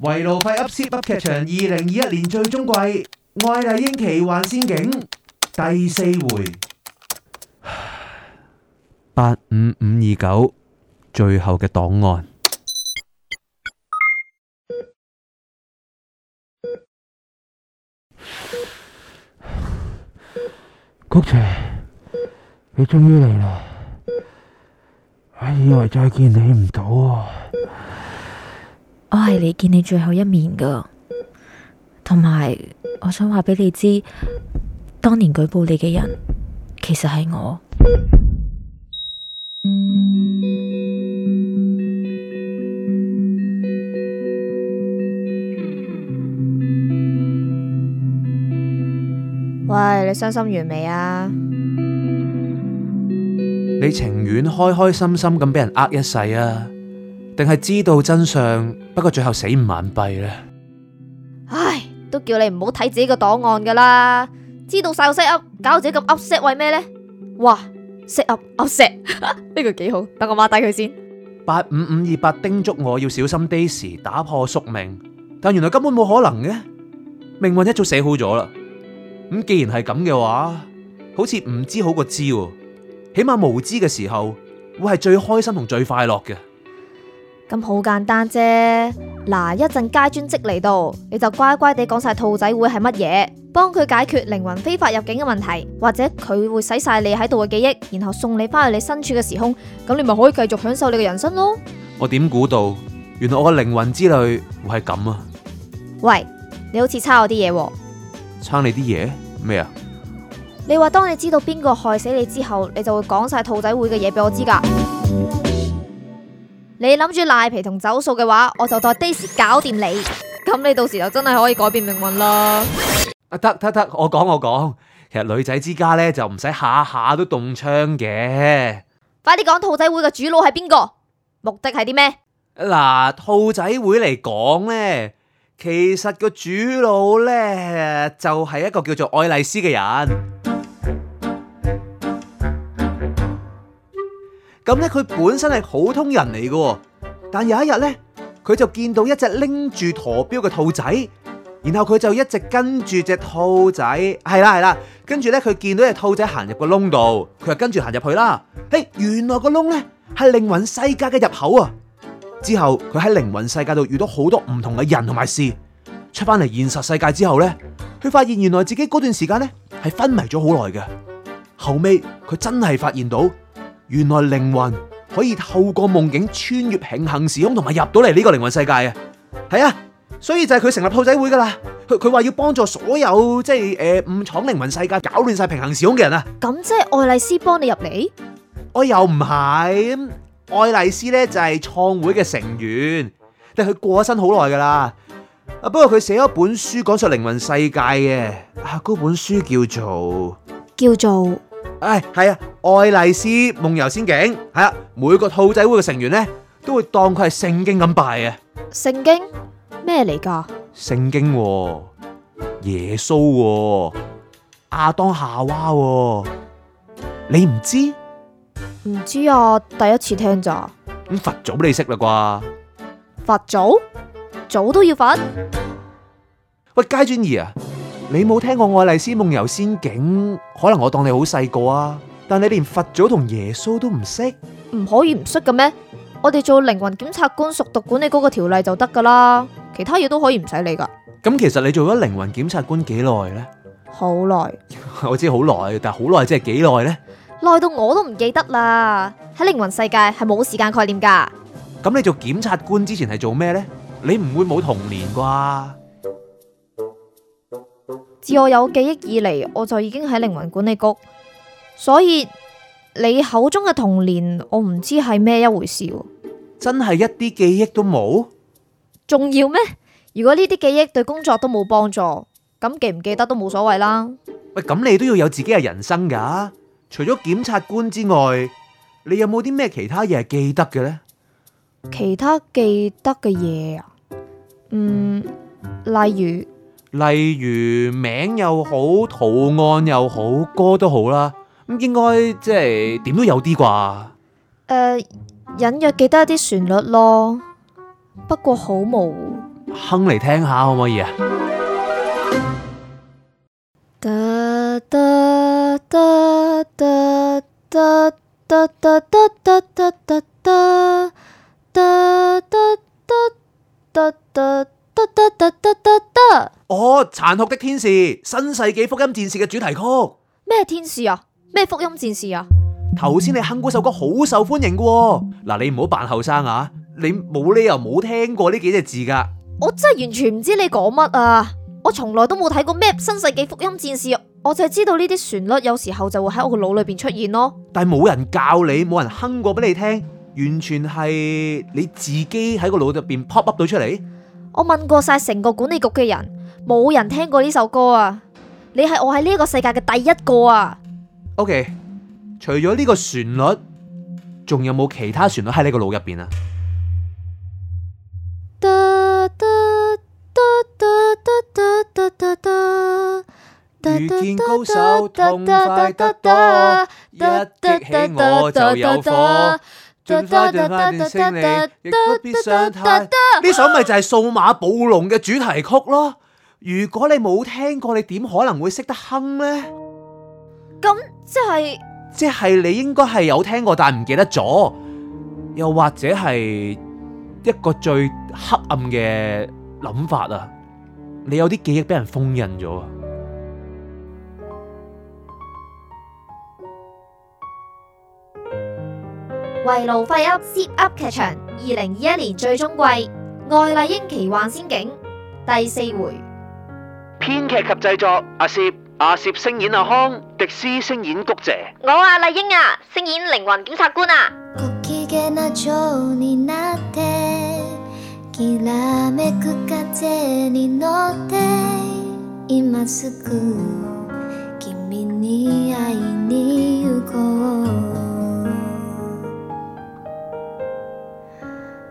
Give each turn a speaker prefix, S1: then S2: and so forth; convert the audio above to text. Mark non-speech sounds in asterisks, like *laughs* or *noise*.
S1: 維路快 Zip 噏劇場二零二一年最終季《愛麗英奇幻仙境》第四回，八五五二九，最後嘅檔案，菊姐，你終於嚟啦！我、哎、以為再見你唔到。
S2: 我係嚟見你最後一面㗎，同埋我想話俾你知，當年舉報你嘅人其實係我。喂，你傷心完未啊？
S1: 你情願開開心心咁俾人呃一世啊？定係知道真相，不過最後死唔眼閉呢。
S2: 唉，都叫你唔好睇自己個檔案噶啦。知道晒個 set up，搞到自己咁 upset，為咩呢？哇，set up upset 呢個幾好，等我抹低佢先。
S1: 八五五二八叮囑我要小心，Daisy 打破宿命，但原來根本冇可能嘅，命運一早寫好咗啦。咁既然係咁嘅話，好似唔知好過知，起碼無知嘅時候會係最開心同最快樂嘅。
S2: 咁好簡單啫，嗱，一陣街專職嚟到，你就乖乖地講晒兔仔會係乜嘢，幫佢解決靈魂非法入境嘅問題，或者佢會洗晒你喺度嘅記憶，然後送你返去你身處嘅時空，咁你咪可以繼續享受你嘅人生咯。
S1: 我點估到，原來我嘅靈魂之旅會係咁啊？
S2: 喂，你好似差我啲嘢喎！
S1: 啊，差你啲嘢咩啊？
S2: 你話當你知道邊個害死你之後，你就會講晒兔仔會嘅嘢俾我知噶。你諗住賴皮同走數嘅話，我就代 Dice 搞掂你。咁你到時就真係可以改變命運啦。啊，得得得，
S1: 我講我講，其實女仔之家咧就唔使下下都動槍嘅。
S2: 快啲講，兔仔會嘅主腦係邊個？目的係啲咩？
S1: 嗱，兔仔會嚟講咧，其實個主腦咧就係一個叫做愛麗絲嘅人。咁咧，佢本身係普通人嚟嘅，但有一日咧，佢就見到一隻拎住陀錶嘅兔仔，然後佢就一直跟住隻兔仔，係啦係啦，跟住咧，佢見到隻兔仔行入個窿度，佢就跟住行入去啦。誒，原來個窿咧係靈魂世界嘅入口啊！之後佢喺靈魂世界度遇到好多唔同嘅人同埋事，出翻嚟現實世界之後咧，佢發現原來自己嗰段時間咧係昏迷咗好耐嘅，後尾，佢真係發現到。原來靈魂可以透過夢境穿越平行時空，同埋入到嚟呢個靈魂世界嘅，係啊，所以就係佢成立兔仔會噶啦。佢佢話要幫助所有即係誒誤闖靈魂世界、搞亂晒平行時空嘅人啊。咁即係愛麗絲幫你入嚟？我又唔係，愛麗絲呢就係創會嘅成員，但係過咗身好耐噶啦。不過佢寫咗本書講述靈魂世界嘅，啊嗰本書叫做叫做。唉，係、哎、啊，愛麗絲《愛麗絲夢遊仙境》係啊，每個兔仔會嘅成員咧都會當佢係聖經咁拜，聖經、聖
S2: 經啊。聖經咩嚟噶？
S1: 聖經、耶穌、亞當夏娃、啊，你唔知？
S2: 唔知啊，第一次聽咋。咁
S1: 佛祖你識啦啩？
S2: 佛祖祖都要佛。
S1: 喂，佳專二啊！你冇聽過《愛麗絲夢遊仙境》？可能我當你好細個啊，但你連佛祖同耶穌都唔識，
S2: 唔可以唔識嘅咩？我哋做靈魂檢察官熟讀管理嗰個條例就得噶啦，其他嘢都可以唔使理噶。
S1: 咁其實你做咗靈魂檢察官幾耐呢？
S2: 好耐久，
S1: *laughs* 我知好耐，但好耐即係幾耐呢？
S2: 耐到我都唔記得啦。喺靈魂世界係冇時間概念噶。
S1: 咁你做檢察官之前係做咩呢？你唔會冇童年啩？
S2: 自我有記憶以嚟，我就已經喺靈魂管理局，所以你口中嘅童年，我唔知係咩一回事。
S1: 真係一啲記憶都冇？
S2: 重要咩？如果呢啲記憶對工作都冇幫助，咁記唔記得都冇所謂啦。
S1: 喂，咁你都要有自己嘅人生噶啊。除咗檢察官之外，你有冇啲咩其他嘢係記得嘅呢？
S2: 其他記得嘅嘢啊，嗯，例如。
S1: 例如名又好，圖案又好，歌都好啦，咁應該即係點都有啲啩。
S2: 誒，隱約記得一啲旋律咯，不過好模
S1: 糊。哼嚟，聽下可唔可以啊？得得得得得得！打打打打哦，殘酷的天使，新世紀福音戰士嘅主題曲。咩天使啊？咩福音戰士啊？頭先你哼嗰首歌好受歡迎嘅。哦，嗱你唔好扮後生啊！你冇，啊，理由冇聽過呢幾隻字噶。
S2: 我真係完全唔知你講乜啊！我從來都冇睇過咩新世紀福音戰士，我淨係知道呢啲旋律有時候就會喺我個腦裏邊出現咯。
S1: 但係冇人教你，冇人哼過俾你聽，完全係你自己喺個腦入邊 pop up 到出嚟。
S2: 我問過晒，成個管理局嘅人，冇人聽過呢首歌啊！你係我喺呢個世界嘅第一個啊
S1: ！OK，除咗呢個旋律，仲有冇其他旋律喺你個腦入邊啊？ *music* 最花俏嘅電視你亦不必傷嘆，呢首咪就係數碼暴龍嘅主題曲咯。如果你冇聽過，你點可能會識得哼呢？咁即係即係你應該係有聽過，但係唔記得咗，又或者係一個最黑暗嘅諗法啊！你有啲記憶俾人封印咗啊！
S2: 維路廢噏，Zip 噏劇場二零二一年最終季，愛麗英奇幻仙境第四回，
S1: 編劇及製作阿攝，阿攝聲演阿康，迪斯聲演谷姐，
S3: 我阿、啊、麗英啊，聲演靈魂檢察官啊。 *music*